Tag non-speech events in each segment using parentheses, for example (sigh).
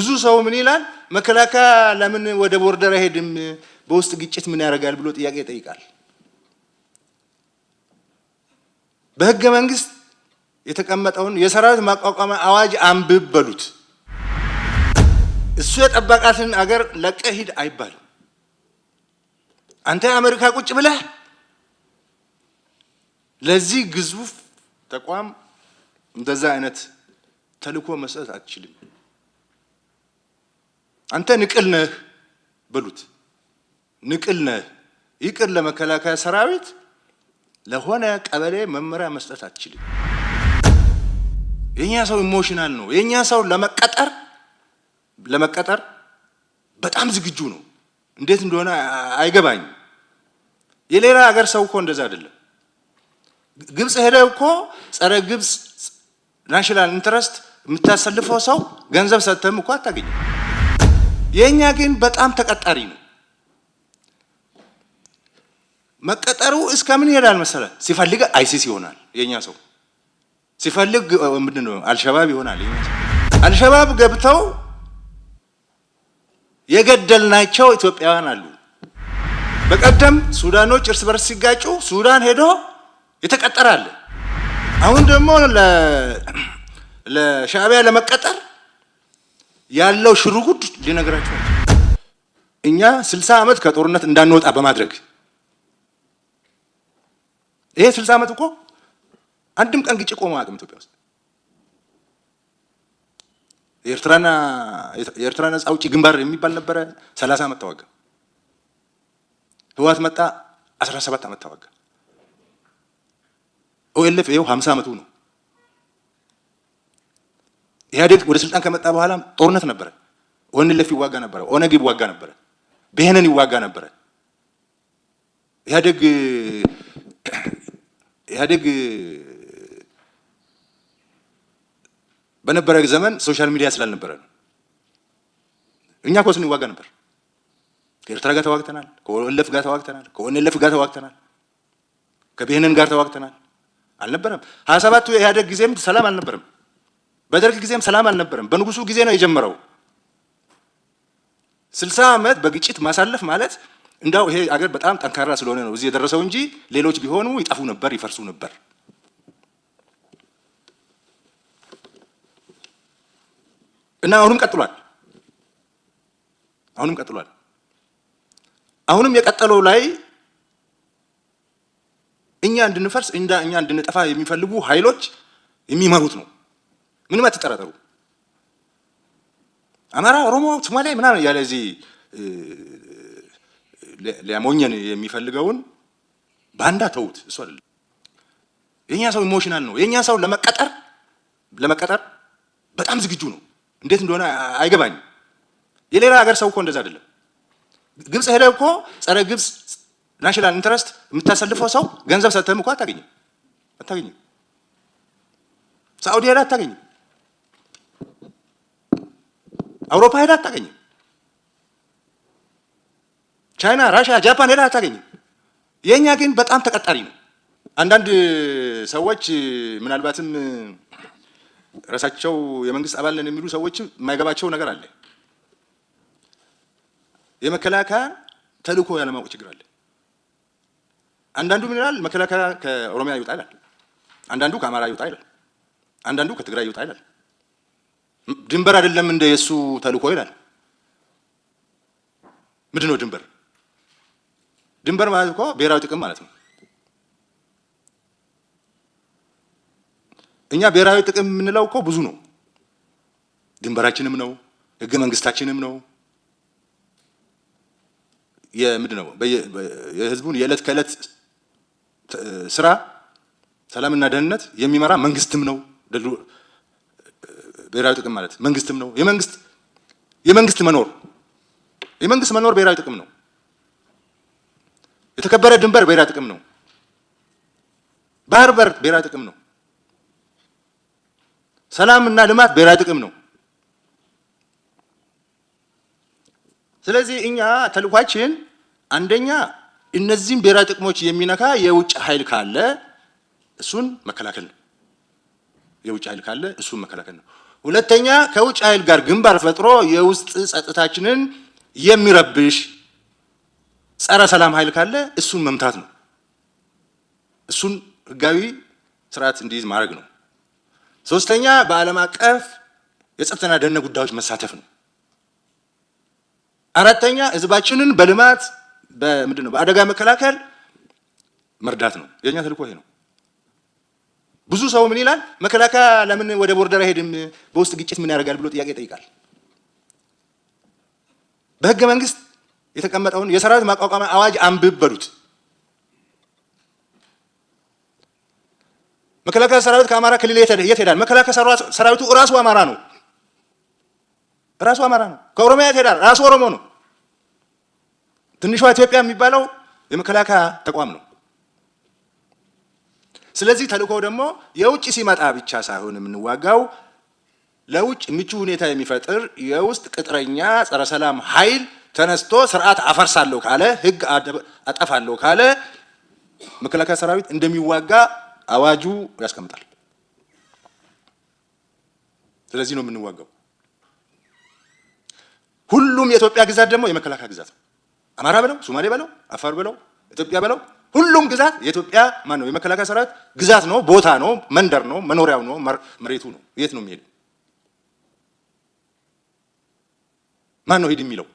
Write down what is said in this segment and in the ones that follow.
ብዙ ሰው ምን ይላል? መከላከያ ለምን ወደ ቦርደር አይሄድም? በውስጥ ግጭት ምን ያደርጋል ብሎ ጥያቄ ይጠይቃል። በህገ መንግስት የተቀመጠውን የሰራዊት ማቋቋሚያ አዋጅ አንብብ በሉት። እሱ የጠበቃትን አገር ለቀሂድ ሂድ አይባልም። አንተ አሜሪካ ቁጭ ብለህ ለዚህ ግዙፍ ተቋም እንደዛ አይነት ተልኮ መስጠት አትችልም። አንተ ንቅል ነህ በሉት። ንቅል ነህ ይቅር። ለመከላከያ ሰራዊት ለሆነ ቀበሌ መመሪያ መስጠት አትችልም። የእኛ ሰው ኢሞሽናል ነው። የእኛ ሰው ለመቀጠር ለመቀጠር በጣም ዝግጁ ነው። እንዴት እንደሆነ አይገባኝም። የሌላ ሀገር ሰው እኮ እንደዛ አይደለም። ግብፅ ሄደ እኮ ጸረ ግብፅ ናሽናል ኢንትረስት የምታሰልፈው ሰው ገንዘብ ሰጥተህም እኮ አታገኝም። የእኛ ግን በጣም ተቀጣሪ ነው። መቀጠሩ እስከ ምን ይሄዳል መሰለ? ሲፈልግ አይሲስ ይሆናል የእኛ ሰው፣ ሲፈልግ ምንድን ነው አልሸባብ ይሆናል የእኛ ሰው። አልሸባብ ገብተው የገደልናቸው ኢትዮጵያውያን አሉ። በቀደም ሱዳኖች እርስ በርስ ሲጋጩ ሱዳን ሄዶ የተቀጠራለ። አሁን ደግሞ ለሻዕቢያ ለመቀጠር ያለው ሽሩጉድ ሊነግራቸው እኛ ስልሳ ዓመት ከጦርነት እንዳንወጣ በማድረግ ይሄ ስልሳ ዓመት እኮ አንድም ቀን ግጭት ቆሞ አያውቅም ኢትዮጵያ ውስጥ። የኤርትራ ነጻ አውጪ ግንባር የሚባል ነበረ። ሰላሳ ዓመት ተዋጋ። ህወሓት መጣ፣ አስራ ሰባት ዓመት ተዋጋ። ኦኤልኤፍ ይኸው ሀምሳ ዓመቱ ነው። ኢህአዴግ ወደ ስልጣን ከመጣ በኋላ ጦርነት ነበረ። ኦነለፍ ይዋጋ ነበረ፣ ኦነግ ይዋጋ ነበረ፣ ብሄነን ይዋጋ ነበረ። ኢህአዴግ (clears throat) ኢህአዴግ በነበረ ዘመን ሶሻል ሚዲያ ስላልነበረ ነው። እኛ እኮ ስንዋጋ ነበር። ከኤርትራ ጋር ተዋግተናል፣ ከኦነለፍ ጋር ተዋግተናል፣ ከኦነለፍ ጋር ተዋግተናል፣ ከብሄነን ጋር ተዋግተናል። አልነበረም። ሀያ ሰባቱ የኢህአዴግ ጊዜም ሰላም አልነበረም። በደርግ ጊዜም ሰላም አልነበረም። በንጉሱ ጊዜ ነው የጀመረው። ስልሳ ዓመት በግጭት ማሳለፍ ማለት እንዳው ይሄ አገር በጣም ጠንካራ ስለሆነ ነው እዚህ የደረሰው እንጂ ሌሎች ቢሆኑ ይጠፉ ነበር፣ ይፈርሱ ነበር። እና አሁንም ቀጥሏል። አሁንም ቀጥሏል። አሁንም የቀጠለው ላይ እኛ እንድንፈርስ እኛ እንድንጠፋ የሚፈልጉ ኃይሎች የሚመሩት ነው። ምንም አትጠራጠሩ። አማራ፣ ኦሮሞ፣ ሶማሌ ምናምን ያለ እዚህ ሊያሞኘን የሚፈልገውን ባንዳ ተዉት። እሱ አይደለም የእኛ ሰው ኢሞሽናል ነው። የእኛ ሰው ለመቀጠር ለመቀጠር በጣም ዝግጁ ነው። እንዴት እንደሆነ አይገባኝም። የሌላ ሀገር ሰው እኮ እንደዛ አይደለም። ግብፅ ሄደ እኮ ጸረ ግብፅ ናሽናል ኢንትረስት የምታሰልፈው ሰው ገንዘብ ሰጥተህም እኮ አታገኝም አታገኝም። ሳዑዲ ሄደህ አታገኝም። አውሮፓ ሄዳ አታገኝም። ቻይና፣ ራሽያ፣ ጃፓን ሄዳ አታገኝም። የእኛ ግን በጣም ተቀጣሪ ነው። አንዳንድ ሰዎች ምናልባትም ራሳቸው የመንግስት አባል ነን የሚሉ ሰዎች የማይገባቸው ነገር አለ። የመከላከያ ተልእኮ ያለማወቅ ችግር አለ። አንዳንዱ ምን ይላል? መከላከያ ከኦሮሚያ ይወጣ ይላል። አንዳንዱ ከአማራ ይወጣ ይላል። አንዳንዱ ከትግራይ ይወጣ ይላል። ድንበር አይደለም እንደ የእሱ ተልእኮ ይላል። ምንድን ነው ድንበር? ድንበር ማለት እኮ ብሔራዊ ጥቅም ማለት ነው። እኛ ብሔራዊ ጥቅም የምንለው እኮ ብዙ ነው። ድንበራችንም ነው፣ ህገ መንግስታችንም ነው፣ የምንድን ነው የህዝቡን የዕለት ከዕለት ስራ ሰላምና ደህንነት የሚመራ መንግስትም ነው ብሔራዊ ጥቅም ማለት መንግስትም ነው። የመንግስት የመንግስት መኖር የመንግስት መኖር ብሔራዊ ጥቅም ነው። የተከበረ ድንበር ብሔራዊ ጥቅም ነው። ባህር በር ብሔራዊ ጥቅም ነው። ሰላም እና ልማት ብሔራዊ ጥቅም ነው። ስለዚህ እኛ ተልኳችን አንደኛ እነዚህን ብሔራዊ ጥቅሞች የሚነካ የውጭ ኃይል ካለ እሱን መከላከል ነው። የውጭ ኃይል ካለ እሱን መከላከል ነው። ሁለተኛ ከውጭ ኃይል ጋር ግንባር ፈጥሮ የውስጥ ጸጥታችንን የሚረብሽ ጸረ ሰላም ኃይል ካለ እሱን መምታት ነው። እሱን ህጋዊ ስርዓት እንዲይዝ ማድረግ ነው። ሶስተኛ በዓለም አቀፍ የጸጥታና ደህንነት ጉዳዮች መሳተፍ ነው። አራተኛ ህዝባችንን በልማት በምንድን ነው በአደጋ መከላከል መርዳት ነው። የኛ ተልእኮ ይሄ ነው። ሰው ምን ይላል? መከላከያ ለምን ወደ ቦርደር አይሄድም? በውስጥ ግጭት ምን ያደርጋል ብሎ ጥያቄ ይጠይቃል። በህገ መንግስት የተቀመጠውን የሰራዊት ማቋቋሚያ አዋጅ አንብበሉት። መከላከያ ሰራዊት ከአማራ ክልል የት ሄዳል? መከላከያ ሰራዊቱ እራሱ አማራ ነው። ራሱ አማራ ነው። ከኦሮሚያ የት ሄዳል? ራሱ ኦሮሞ ነው። ትንሿ ኢትዮጵያ የሚባለው የመከላከያ ተቋም ነው። ስለዚህ ተልእኮ ደግሞ የውጭ ሲመጣ ብቻ ሳይሆን የምንዋጋው ለውጭ ምቹ ሁኔታ የሚፈጥር የውስጥ ቅጥረኛ ጸረ ሰላም ኃይል ተነስቶ ስርዓት አፈርሳለሁ ካለ ህግ አጠፋለሁ ካለ መከላከያ ሰራዊት እንደሚዋጋ አዋጁ ያስቀምጣል። ስለዚህ ነው የምንዋጋው። ሁሉም የኢትዮጵያ ግዛት ደግሞ የመከላከያ ግዛት ነው። አማራ በለው፣ ሶማሌ በለው፣ አፋር በለው፣ ኢትዮጵያ በለው ሁሉም ግዛት የኢትዮጵያ ማነው የመከላከያ ሰራዊት ግዛት ነው፣ ቦታ ነው፣ መንደር ነው፣ መኖሪያው ነው፣ መሬቱ ነው። የት ነው የሚሄደው? ማን ነው ሂድ የሚለው?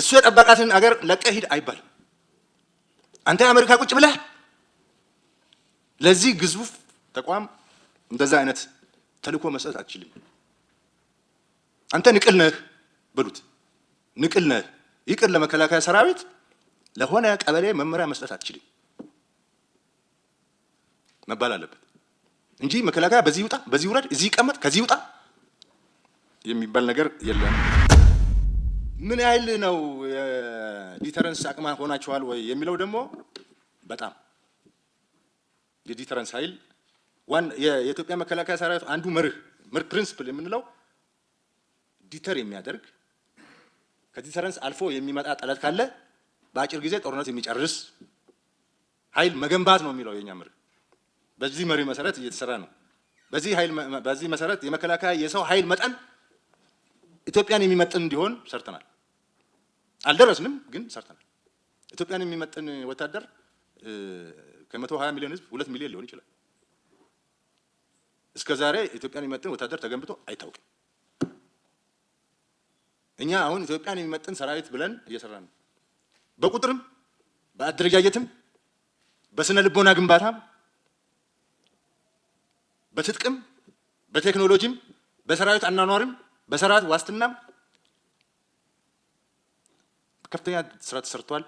እሱ የጠበቃትን አገር ለቀ ሂድ አይባልም። አንተ አሜሪካ ቁጭ ብለህ ለዚህ ግዙፍ ተቋም እንደዛ አይነት ተልእኮ መስጠት አትችልም። አንተ ንቅል ነህ በሉት፣ ንቅል ነህ ይቅር ለመከላከያ ሰራዊት ለሆነ ቀበሌ መመሪያ መስጠት አትችልም መባል አለበት እንጂ መከላከያ በዚህ ውጣ በዚህ ውረድ፣ እዚህ ይቀመጥ፣ ከዚህ ውጣ የሚባል ነገር የለም። ምን ያህል ነው የዲተረንስ አቅማ ሆናችኋል ወይ የሚለው ደግሞ በጣም የዲተረንስ ኃይል የኢትዮጵያ መከላከያ ሰራዊት አንዱ መርህ ምር ፕሪንስፕል የምንለው ዲተር የሚያደርግ ከዲተረንስ አልፎ የሚመጣ ጠላት ካለ በአጭር ጊዜ ጦርነት የሚጨርስ ኃይል መገንባት ነው የሚለው የኛ መሪ። በዚህ መሪ መሰረት እየተሰራ ነው። በዚህ ኃይል በዚህ መሰረት የመከላከያ የሰው ኃይል መጠን ኢትዮጵያን የሚመጥን እንዲሆን ሰርተናል። አልደረስንም፣ ግን ሰርተናል። ኢትዮጵያን የሚመጥን ወታደር ከመቶ ሀያ ሚሊዮን ህዝብ ሁለት ሚሊዮን ሊሆን ይችላል። እስከ ዛሬ ኢትዮጵያን የሚመጥን ወታደር ተገንብቶ አይታወቅም። እኛ አሁን ኢትዮጵያን የሚመጥን ሰራዊት ብለን እየሰራን ነው። በቁጥርም በአደረጃጀትም በስነ ልቦና ግንባታም በትጥቅም በቴክኖሎጂም በሰራዊት አናኗርም በሰራዊት ዋስትናም ከፍተኛ ስራ ተሰርቷል።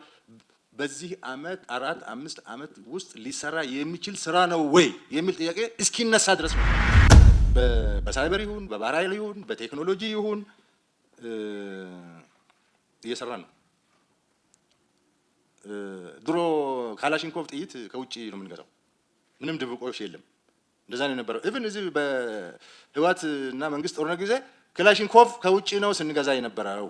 በዚህ አመት አራት አምስት አመት ውስጥ ሊሰራ የሚችል ስራ ነው ወይ የሚል ጥያቄ እስኪነሳ ድረስ ነው። በሳይበር ይሁን በባህር ኃይል ይሁን በቴክኖሎጂ ይሁን እየሰራ ነው። ድሮ ካላሽንኮቭ ጥይት ከውጭ ነው የምንገዛው። ምንም ድብቆሽ የለም። እንደዛ ነው የነበረው። ኢቭን እዚህ በህዋት እና መንግስት ጦርነት ጊዜ ክላሽንኮቭ ከውጭ ነው ስንገዛ የነበረው።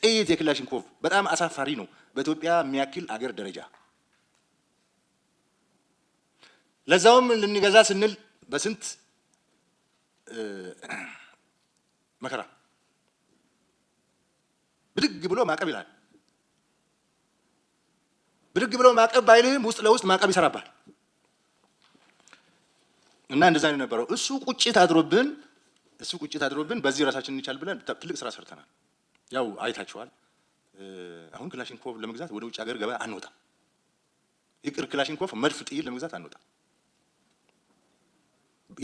ጥይት የክላሽንኮቭ በጣም አሳፋሪ ነው፣ በኢትዮጵያ የሚያክል አገር ደረጃ። ለዛውም ልንገዛ ስንል በስንት መከራ ብድግ ብሎ ማዕቀብ ይላል። ብድግ ብለው ማቀብ ባይልህም ውስጥ ለውስጥ ማቀብ ይሰራባል እና እንደዛ ነው የነበረው። እሱ ቁጭት አድሮብን እሱ ቁጭት አድሮብን በዚህ ራሳችን እንቻል ብለን ትልቅ ስራ ሰርተናል። ያው አይታችኋል። አሁን ክላሽንኮቭ ለመግዛት ወደ ውጭ ሀገር ገበያ አንወጣም። ይቅር ክላሽንኮቭ መድፍ፣ ጥይል ለመግዛት አንወጣም።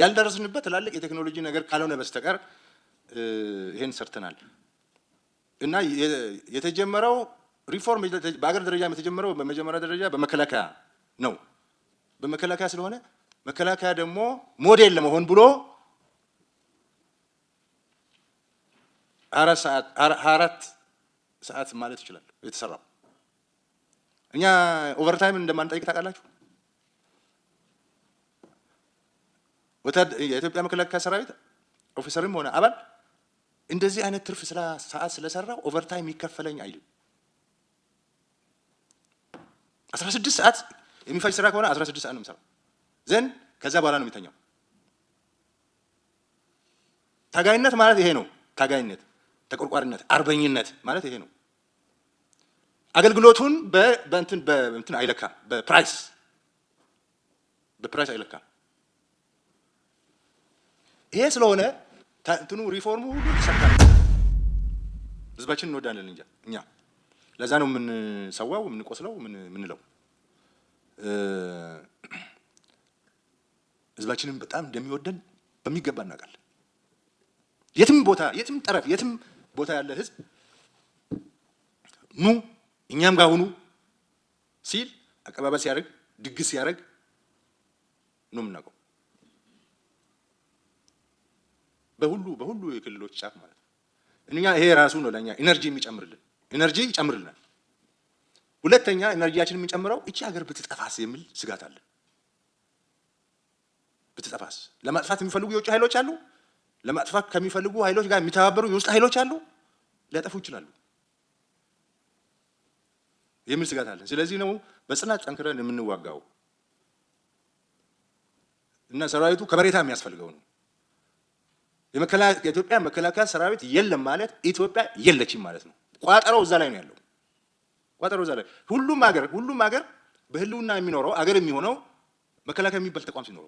ያልደረስንበት ትላልቅ የቴክኖሎጂ ነገር ካልሆነ በስተቀር ይሄን ሰርተናል እና የተጀመረው ሪፎርም በሀገር ደረጃ የተጀመረው በመጀመሪያ ደረጃ በመከላከያ ነው። በመከላከያ ስለሆነ መከላከያ ደግሞ ሞዴል ለመሆን ብሎ አራት ሰዓት ማለት ይችላል የተሰራው። እኛ ኦቨርታይም እንደማንጠይቅ ታውቃላችሁ። የኢትዮጵያ መከላከያ ሰራዊት ኦፊሰርም ሆነ አባል እንደዚህ አይነት ትርፍ ስራ ሰዓት ስለሰራው ኦቨርታይም ይከፈለኝ አይልም። 16 ሰዓት የሚፈጅ ስራ ከሆነ 16 ሰዓት ነው የምሰራው። ዘን ከዛ በኋላ ነው የሚተኛው። ታጋይነት ማለት ይሄ ነው። ታጋይነት፣ ተቆርቋሪነት፣ አርበኝነት ማለት ይሄ ነው። አገልግሎቱን በእንትን በእንትን አይለካ በፕራይስ በፕራይስ አይለካ። ይሄ ስለሆነ እንትኑ ሪፎርሙ ሁሉ ይሰካል። ህዝባችን እንወዳለን እንጂ እኛ ለዛ ነው የምንሰዋው፣ የምንቆስለው፣ የምንለው። ህዝባችንም በጣም እንደሚወደን በሚገባ እናውቃለን። የትም ቦታ የትም ጠረፍ የትም ቦታ ያለ ህዝብ ኑ እኛም ጋር ሁኑ ሲል አቀባበል ሲያደርግ ድግስ ሲያደርግ ነው የምናውቀው። በሁሉ በሁሉ የክልሎች ጫፍ ማለት ነው። እኛ ይሄ ራሱ ነው ለእኛ ኢነርጂ የሚጨምርልን ኢነርጂ ይጨምርልናል። ሁለተኛ ኢነርጂያችን የምንጨምረው እቺ ሀገር ብትጠፋስ የሚል ስጋት አለ። ብትጠፋስ ለማጥፋት የሚፈልጉ የውጭ ኃይሎች አሉ። ለማጥፋት ከሚፈልጉ ኃይሎች ጋር የሚተባበሩ የውስጥ ኃይሎች አሉ። ሊያጠፉ ይችላሉ የሚል ስጋት አለን። ስለዚህ ነው በጽናት ጠንክረን የምንዋጋው እና ሰራዊቱ ከበሬታ የሚያስፈልገው ነው። የኢትዮጵያ መከላከያ ሰራዊት የለም ማለት ኢትዮጵያ የለችም ማለት ነው። ቋጠረው እዛ ላይ ነው ያለው። ቋጠረው እዛ ላይ ሁሉም ሀገር ሁሉም ሀገር በህልውና የሚኖረው ሀገር የሚሆነው መከላከያ የሚባል ተቋም ሲኖረው